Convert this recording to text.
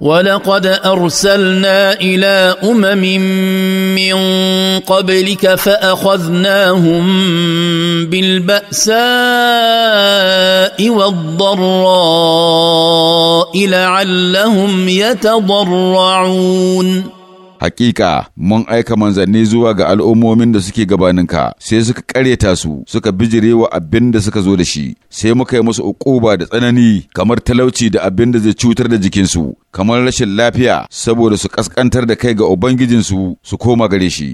ولقد ارسلنا الى امم من قبلك فاخذناهم بالباساء والضراء لعلهم يتضرعون Hakika mun aika manzanni zuwa ga al'ummomin da suke gabaninka, sai suka karyata su, suka bijirewa abin da suka zo da shi, sai muka yi musu uquba da tsanani kamar talauci da abin da zai cutar da jikinsu, kamar rashin lafiya saboda su ƙasƙantar da kai ga Ubangijinsu su koma gare shi.